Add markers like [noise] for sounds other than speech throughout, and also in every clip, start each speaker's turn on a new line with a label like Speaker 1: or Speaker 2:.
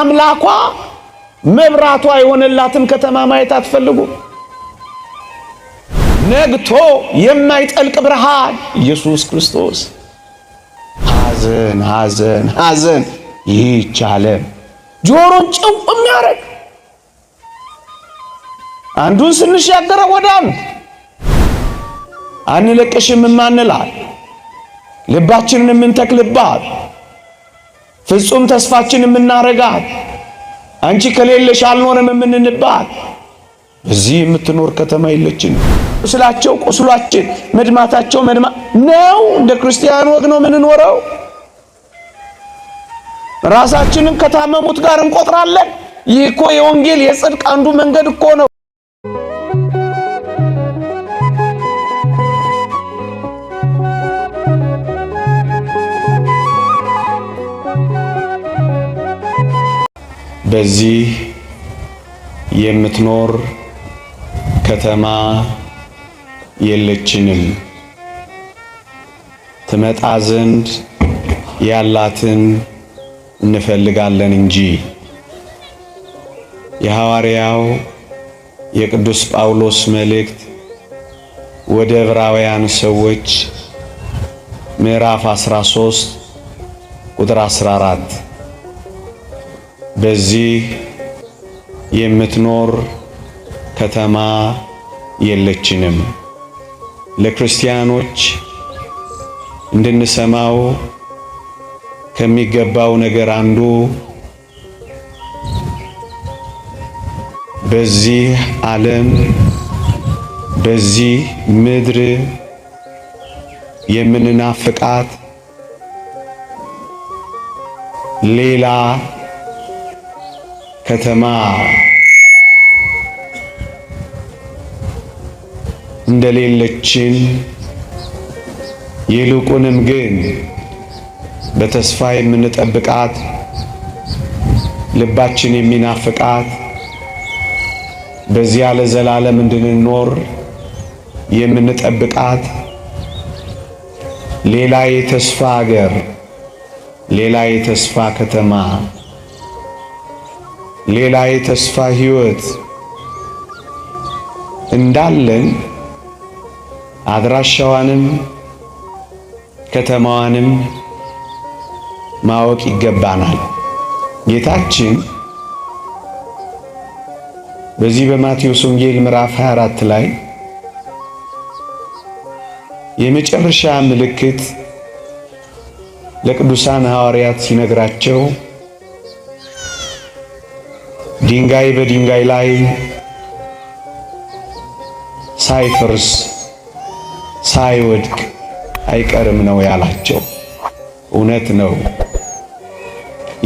Speaker 1: አምላኳ መብራቷ የሆነላትን ከተማ ማየት አትፈልጉ ነግቶ የማይጠልቅ ብርሃን ኢየሱስ ክርስቶስ። ሐዘን ሐዘን ሐዘን አለም ጆሮን ጭው የሚያደርግ አንዱን ስንሻገረ ወደ አንዱ አንለቅሽም የማንላት ልባችንን የምንተክልባት ፍጹም ተስፋችን የምናረጋት አንቺ ከሌለሽ አልኖርም የምንንባት በዚህ የምትኖር ከተማ የለችን። ቁስላቸው ቁስሏችን፣ መድማታቸው መድማ ነው። እንደ ክርስቲያን ወግ ነው የምንኖረው። ራሳችንን ከታመሙት ጋር እንቆጥራለን። ይህ እኮ የወንጌል የጽድቅ አንዱ መንገድ እኮ ነው።
Speaker 2: በዚህ የምትኖር ከተማ የለችንም። ትመጣ ዘንድ ያላትን እንፈልጋለን እንጂ። የሐዋርያው የቅዱስ ጳውሎስ መልእክት ወደ ዕብራውያን ሰዎች ምዕራፍ 13 ቁጥር 14 በዚህ የምትኖር ከተማ የለችንም። ለክርስቲያኖች እንድንሰማው ከሚገባው ነገር አንዱ በዚህ ዓለም በዚህ ምድር የምንናፍቃት ሌላ ከተማ እንደሌለችን ይልቁንም ግን በተስፋ የምንጠብቃት ልባችን የሚናፍቃት በዚያ ለዘላለም እንድንኖር የምንጠብቃት ሌላ የተስፋ አገር ሌላ የተስፋ ከተማ ሌላ የተስፋ ህይወት እንዳለን አድራሻዋንም ከተማዋንም ማወቅ ይገባናል። ጌታችን በዚህ በማቴዎስ ወንጌል ምዕራፍ 24 ላይ የመጨረሻ ምልክት ለቅዱሳን ሐዋርያት ሲነግራቸው ድንጋይ በድንጋይ ላይ ሳይፈርስ ሳይወድቅ አይቀርም ነው ያላቸው። እውነት ነው።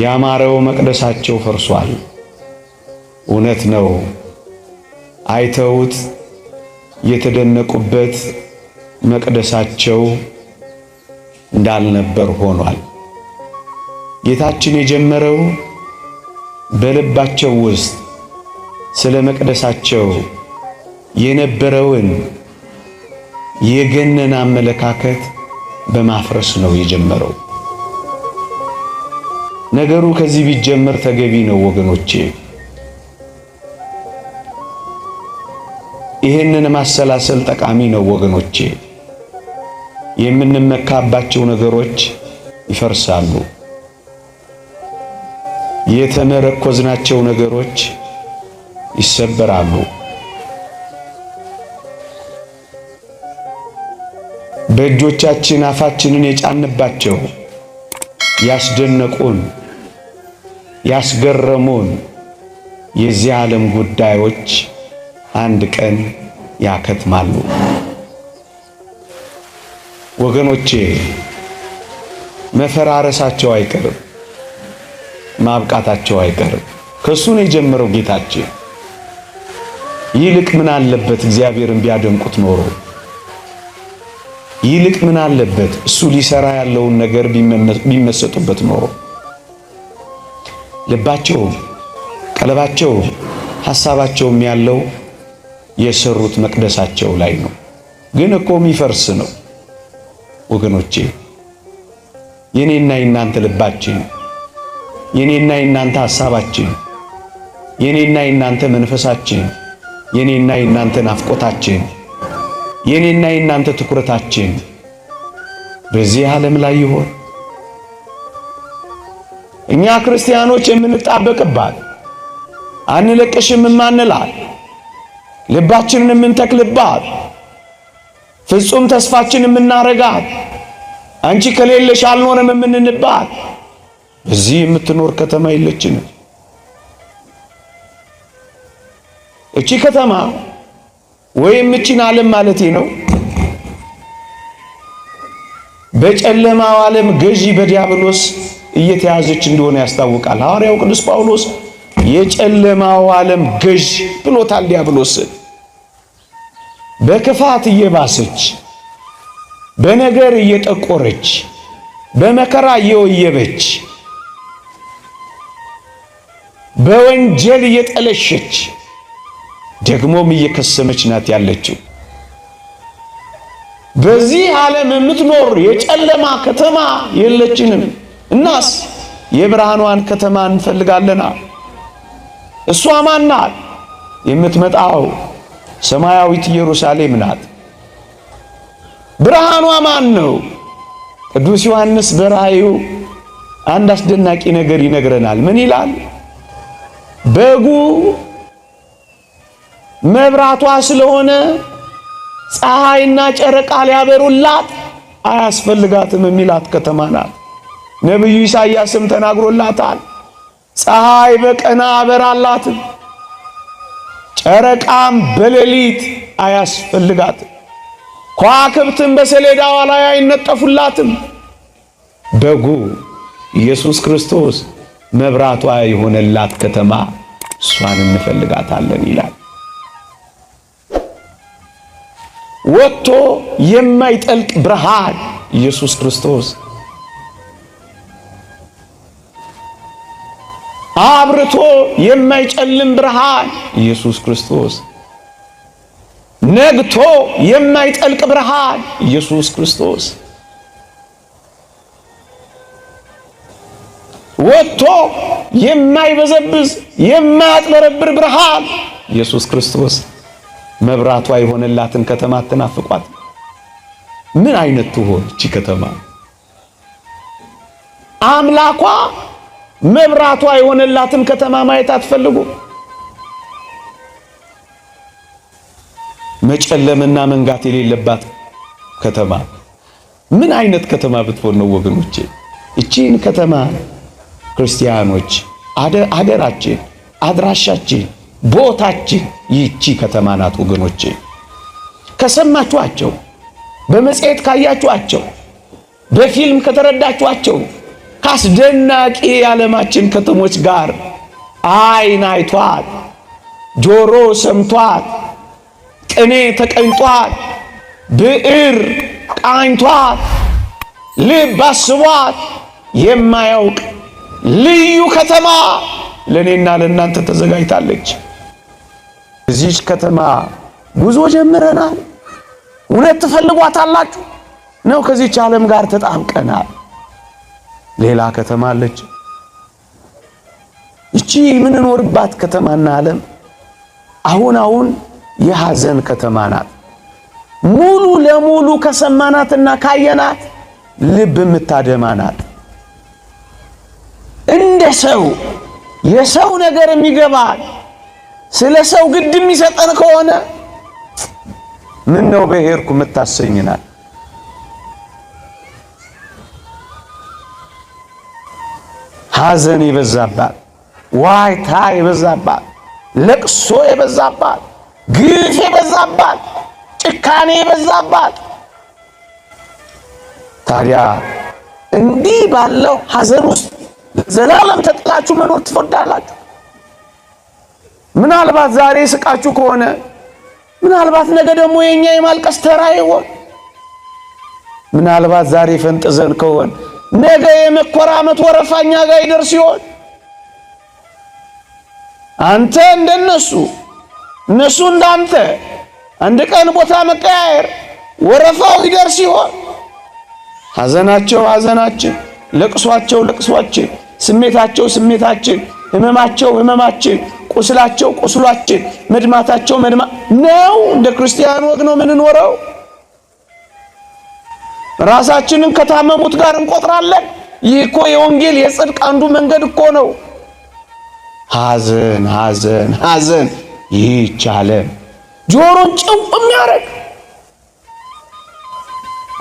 Speaker 2: ያማረው መቅደሳቸው ፈርሷል። እውነት ነው። አይተውት የተደነቁበት መቅደሳቸው እንዳልነበር ሆኗል። ጌታችን የጀመረው በልባቸው ውስጥ ስለ መቅደሳቸው የነበረውን የገነን አመለካከት በማፍረስ ነው የጀመረው። ነገሩ ከዚህ ቢጀመር ተገቢ ነው ወገኖቼ። ይህንን ማሰላሰል ጠቃሚ ነው ወገኖቼ። የምንመካባቸው ነገሮች ይፈርሳሉ። የተመረኮዝናቸው ነገሮች ይሰበራሉ። በእጆቻችን አፋችንን የጫንባቸው ያስደነቁን ያስገረሙን የዚህ ዓለም ጉዳዮች አንድ ቀን ያከትማሉ። ወገኖቼ መፈራረሳቸው አይቀርም። ማብቃታቸው አይቀርም። ነው የጀመረው ጌታችን ይልቅ ምን አለበት እግዚአብሔርን ቢያደምቁት ኖሮ ይልቅ ምን አለበት እሱ ሊሰራ ያለውን ነገር ቢመሰጡበት ኖሮ ልባቸው፣ ቀለባቸው፣ ሐሳባቸውም ያለው የሰሩት መቅደሳቸው ላይ ነው። ግን እኮ የሚፈርስ ነው ወገኖቼ የኔና የናንተ ልባችን የኔና የናንተ ሐሳባችን፣ የኔና የናንተ መንፈሳችን፣ የኔና የናንተ ናፍቆታችን፣ የኔና የናንተ ትኩረታችን በዚህ ዓለም ላይ ይሆን? እኛ ክርስቲያኖች የምንጣበቅባት አንለቅሽም የማንላት ልባችንን የምንተክልባት ፍጹም ተስፋችን የምናረጋት አንቺ ከሌለሽ አልኖርም የምንንባት እዚህ የምትኖር ከተማ የለችንም። እቺ ከተማ ወይም እቺን ዓለም ማለቴ ነው በጨለማው ዓለም ገዢ በዲያብሎስ እየተያዘች እንደሆነ ያስታውቃል። ሐዋርያው ቅዱስ ጳውሎስ የጨለማው ዓለም ገዥ ብሎታል። ዲያብሎስ በክፋት እየባሰች፣ በነገር እየጠቆረች፣ በመከራ እየወየበች በወንጀል እየጠለሸች ደግሞም እየከሰመች ናት ያለችው። በዚህ ዓለም የምትኖር የጨለማ ከተማ የለችንም። እናስ የብርሃኗን ከተማ እንፈልጋለና እሷ ማን ናት? የምትመጣው ሰማያዊት ኢየሩሳሌም ናት። ብርሃኗ ማን ነው? ቅዱስ ዮሐንስ በራእዩ አንድ አስደናቂ ነገር ይነግረናል። ምን ይላል? በጉ መብራቷ ስለሆነ ፀሐይና ጨረቃ ሊያበሩላት አያስፈልጋትም የሚላት ከተማ ናት። ነቢዩ ኢሳያስም ተናግሮላታል። ፀሐይ በቀን አበራላትም፣ ጨረቃም በሌሊት አያስፈልጋትም፣ ከዋክብትም በሰሌዳዋ ላይ አይነጠፉላትም። በጉ ኢየሱስ ክርስቶስ መብራቷ የሆነላት ከተማ እሷን እንፈልጋታለን ይላል። ወጥቶ የማይጠልቅ ብርሃን ኢየሱስ ክርስቶስ አብርቶ የማይጨልም ብርሃን ኢየሱስ ክርስቶስ ነግቶ የማይጠልቅ ብርሃን ኢየሱስ ክርስቶስ ወጥቶ የማይበዘብዝ የማያጥበረብር ብርሃን ኢየሱስ ክርስቶስ መብራቷ የሆነላትን ከተማ አትናፍቋት። ምን አይነት ትሆን እቺ ከተማ? አምላኳ መብራቷ የሆነላትን ከተማ ማየት አትፈልጉ? መጨለምና መንጋት የሌለባት ከተማ ምን አይነት ከተማ ብትሆን ነው ወገኖቼ? እቺን ከተማ ክርስቲያኖች አገራችን፣ አድራሻችን፣ ቦታችን ይቺ ከተማ ናት። ወገኖቼ ከሰማችኋቸው፣ በመጽሔት ካያችኋቸው፣ በፊልም ከተረዳችኋቸው ካስደናቂ የዓለማችን ከተሞች ጋር አይን አይቷት፣ ጆሮ ሰምቷት፣ ቅኔ ተቀኝጧት፣ ብዕር ቃኝቷት፣ ልብ አስቧት የማያውቅ ልዩ ከተማ ለእኔና ለእናንተ ተዘጋጅታለች። እዚች ከተማ ጉዞ ጀምረናል። እውነት ትፈልጓታላችሁ ነው? ከዚች ዓለም ጋር ተጣምቀናል። ሌላ ከተማ አለች። እቺ የምንኖርባት ከተማና ዓለም አሁን አሁን የሐዘን ከተማ ናት። ሙሉ ለሙሉ ከሰማናትና ካየናት ልብ የምታደማ ናት። የሰው የሰው ነገር የሚገባል ስለ ሰው ግድ የሚሰጠን ከሆነ ምን ነው በሄርኩ የምታሰኝናል። ሐዘን የበዛባት፣ ዋይታ የበዛባት፣ ለቅሶ የበዛባት፣ ግፍ የበዛባት፣ ጭካኔ የበዛባት ታዲያ እንዲህ ባለው ሐዘን ውስጥ ዘላለም ተጥላችሁ መኖር ትፈርዳላችሁ። ምናልባት ዛሬ ስቃችሁ ከሆነ ምናልባት ነገ ደግሞ የእኛ የማልቀስ ተራ ይሆን። ምናልባት ዛሬ ፈንጥዘን ከሆን ነገ የመኮራመት ወረፋኛ እኛ ጋር ይደርስ ይሆን? አንተ እንደነሱ እነሱ እንዳንተ አንድ ቀን ቦታ መቀያየር ወረፋው ይደርስ ይሆን? ሐዘናቸው ሐዘናችን፣ ለቅሷቸው ለቅሷችን ስሜታቸው ስሜታችን፣ ህመማቸው ህመማችን፣ ቁስላቸው ቁስሏችን፣ መድማታቸው መድማ ነው። እንደ ክርስቲያን ወግ ነው የምንኖረው። ራሳችንን ከታመሙት ጋር እንቆጥራለን። ይህ እኮ የወንጌል የጽድቅ አንዱ መንገድ እኮ ነው። ሐዘን ሐዘን ሐዘን ይቻለን ጆሮን ጭው የሚያደርግ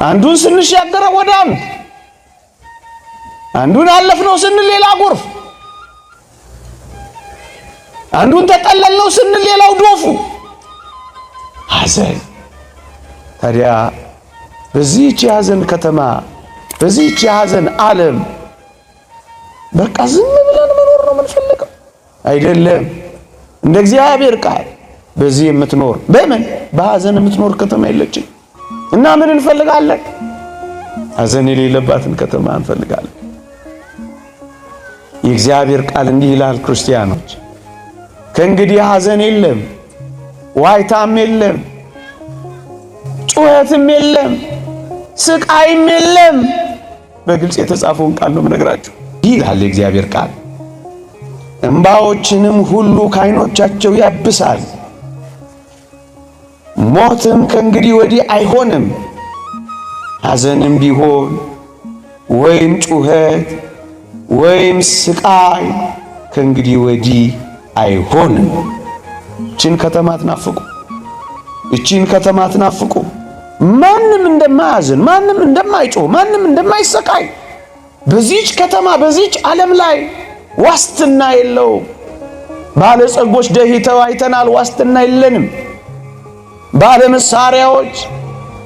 Speaker 2: አንዱን ስንሻገረ ወደ አንድ አንዱን አለፍነው ስንል ሌላ ጎርፍ፣ አንዱን ተጠለልነው ስንል ሌላው ዶፉ ሐዘን። ታዲያ በዚህች የሐዘን ከተማ በዚህች የሐዘን ዓለም በቃ ዝም ብለን መኖር ነው የምንፈልገው አይደለም። እንደ እግዚአብሔር ቃል በዚህ የምትኖር በምን በሐዘን የምትኖር ከተማ የለችም እና ምን እንፈልጋለን? ሐዘን የሌለባትን ከተማ እንፈልጋለን። የእግዚአብሔር ቃል እንዲህ ይላል፣ ክርስቲያኖች ከእንግዲህ ሐዘን የለም፣ ዋይታም የለም፣ ጩኸትም የለም፣ ስቃይም የለም። በግልጽ የተጻፈውን ቃል ነው ምነግራችሁ። ይህ ይላል የእግዚአብሔር ቃል እምባዎችንም ሁሉ ከዓይኖቻቸው ያብሳል። ሞትም ከእንግዲህ ወዲህ አይሆንም፣ ሐዘንም ቢሆን ወይም ጩኸት ወይም ስቃይ ከእንግዲህ ወዲህ አይሆንም። እቺን ከተማ አትናፍቁ፣ እቺን ከተማ አትናፍቁ። ማንም እንደማያዝን፣ ማንም እንደማይጮህ፣ ማንም እንደማይሰቃይ በዚች ከተማ በዚች ዓለም ላይ ዋስትና የለውም። ባለጸጎች ደህተው አይተናል። ዋስትና የለንም። ባለ መሳሪያዎች፣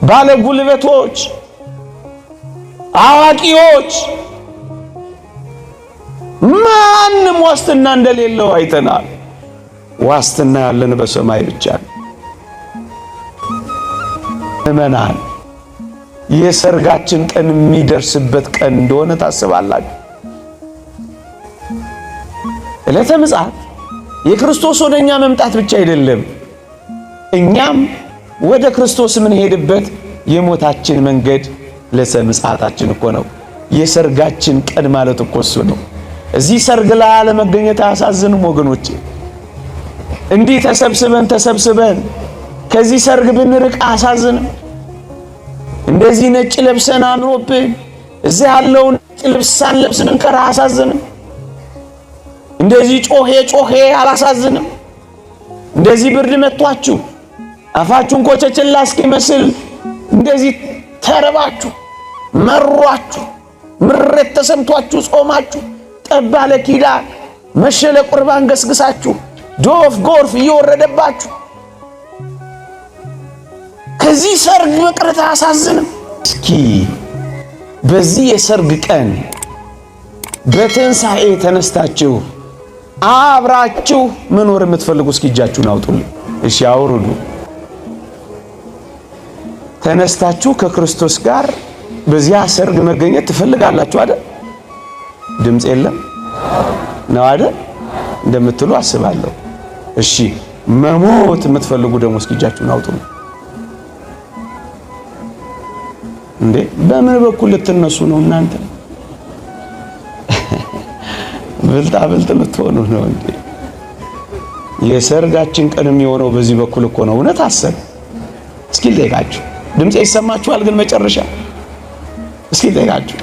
Speaker 2: ባለ ጉልበቶች፣ አዋቂዎች ማንም ዋስትና እንደሌለው አይተናል። ዋስትና ያለን በሰማይ ብቻ ነው። እመናን የሰርጋችን ቀን የሚደርስበት ቀን እንደሆነ ታስባላችሁ። ዕለተ ምጽአት የክርስቶስ ወደ እኛ መምጣት ብቻ አይደለም፣ እኛም ወደ ክርስቶስ የምንሄድበት የሞታችን መንገድ ዕለተ ምጽአታችን እኮ ነው። የሰርጋችን ቀን ማለት እኮ እሱ ነው። እዚህ ሰርግ ላይ አለመገኘት አያሳዝንም ወገኖቼ? እንዲህ ተሰብስበን ተሰብስበን ከዚህ ሰርግ ብንርቅ አያሳዝንም? እንደዚህ ነጭ ለብሰን አምሮብን እዚህ ያለውን ነጭ ልብስ ሳንለብስ ብንቀር አያሳዝንም? እንደዚህ ጮሄ ጮሄ አላሳዝንም? እንደዚህ ብርድ መቷችሁ አፋችሁን ኮቸችን መስል እንደዚህ ተርባችሁ መሯችሁ ምሬት ተሰምቷችሁ ጾማችሁ ጠባለ ኪዳ መሸለ ቁርባን ገስግሳችሁ ዶፍ ጎርፍ እየወረደባችሁ ከዚህ ሰርግ መቅረት አያሳዝንም? እስኪ በዚህ የሰርግ ቀን በትንሣኤ ተነስታችሁ አብራችሁ መኖር የምትፈልጉ እስኪ እጃችሁን አውጡልኝ። እሺ አውርዱ። ተነስታችሁ ከክርስቶስ ጋር በዚያ ሰርግ መገኘት ትፈልጋላችሁ አይደል? ድምፅ የለም ነው አይደል? እንደምትሉ አስባለሁ። እሺ መሞት የምትፈልጉ ደግሞ እስኪ እጃችሁን አውጡ። እንዴ በምን በኩል ልትነሱ ነው እናንተ? [laughs] ብልጣ ብልጥ ልትሆኑ ነው እንዴ? የሰርጋችን ቀን የሚሆነው በዚህ በኩል እኮ ነው። እውነት አሰብ እስኪ ልጠይቃችሁ። ድምፅ ይሰማችኋል ግን መጨረሻ እስኪ ልጠይቃችሁ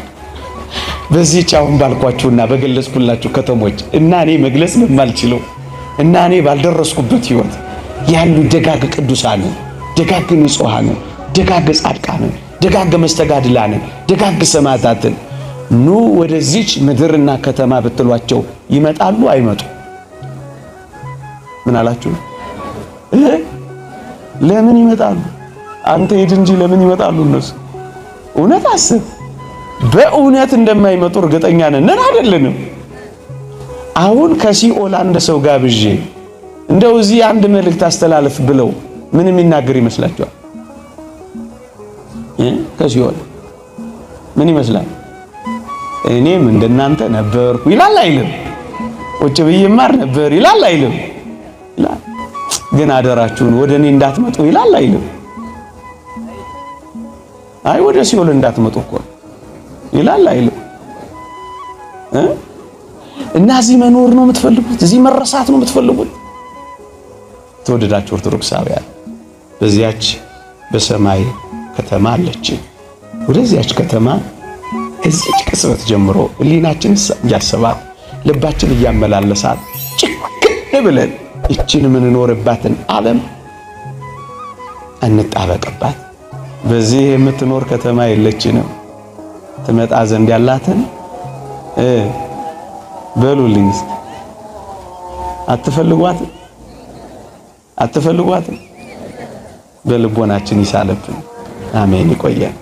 Speaker 2: በዚህች አሁን ባልኳችሁና በገለጽኩላችሁ ከተሞች እና እኔ መግለጽ በማልችለው እና እኔ ባልደረስኩበት ህይወት ያሉ ደጋግ ቅዱሳንን፣ ደጋግ ንጹሐንን፣ ደጋግ ጻድቃንን፣ ደጋግ መስተጋድላንን፣ ደጋግ ሰማዕታትን ኑ ወደዚች ምድርና ከተማ ብትሏቸው ይመጣሉ? አይመጡ? ምን አላችሁ? ለምን ይመጣሉ? አንተ ሄድ እንጂ ለምን ይመጣሉ እነሱ? እውነት አስብ። በእውነት እንደማይመጡ እርግጠኛ ነን አይደለንም? አሁን ከሲኦል አንድ ሰው ጋብዤ እንደው እዚህ አንድ መልእክት አስተላልፍ ብለው ምን የሚናገር ይመስላችኋል? ከሲኦል ምን ይመስላል? እኔም እንደናንተ ነበርኩ ይላል አይልም? ቁጭ ብዬ ማር ነበር ይላል አይልም? ግን አደራችሁን ወደ እኔ እንዳትመጡ ይላል አይልም? አይ ወደ ሲኦል እንዳትመጡ እኮ ይላል አይልም? እና እዚህ መኖር ነው የምትፈልጉት? እዚህ መረሳት ነው የምትፈልጉት? ተወደዳችሁ ኦርቶዶክሳውያን በዚያች በሰማይ ከተማ አለች። ወደዚያች ከተማ እዚች ቅጽበት ጀምሮ ሕሊናችን እያሰባት ልባችን እያመላለሳት ጭክን ብለን ይችን የምንኖርባትን ዓለም እንጣበቅባት። በዚህ የምትኖር ከተማ የለችንም። ትመጣ ዘንድ ያላትን በሉልኝ እስኪ አትፈልጓት አትፈልጓት በልቦናችን ይሳለብን። አሜን። ይቆያል።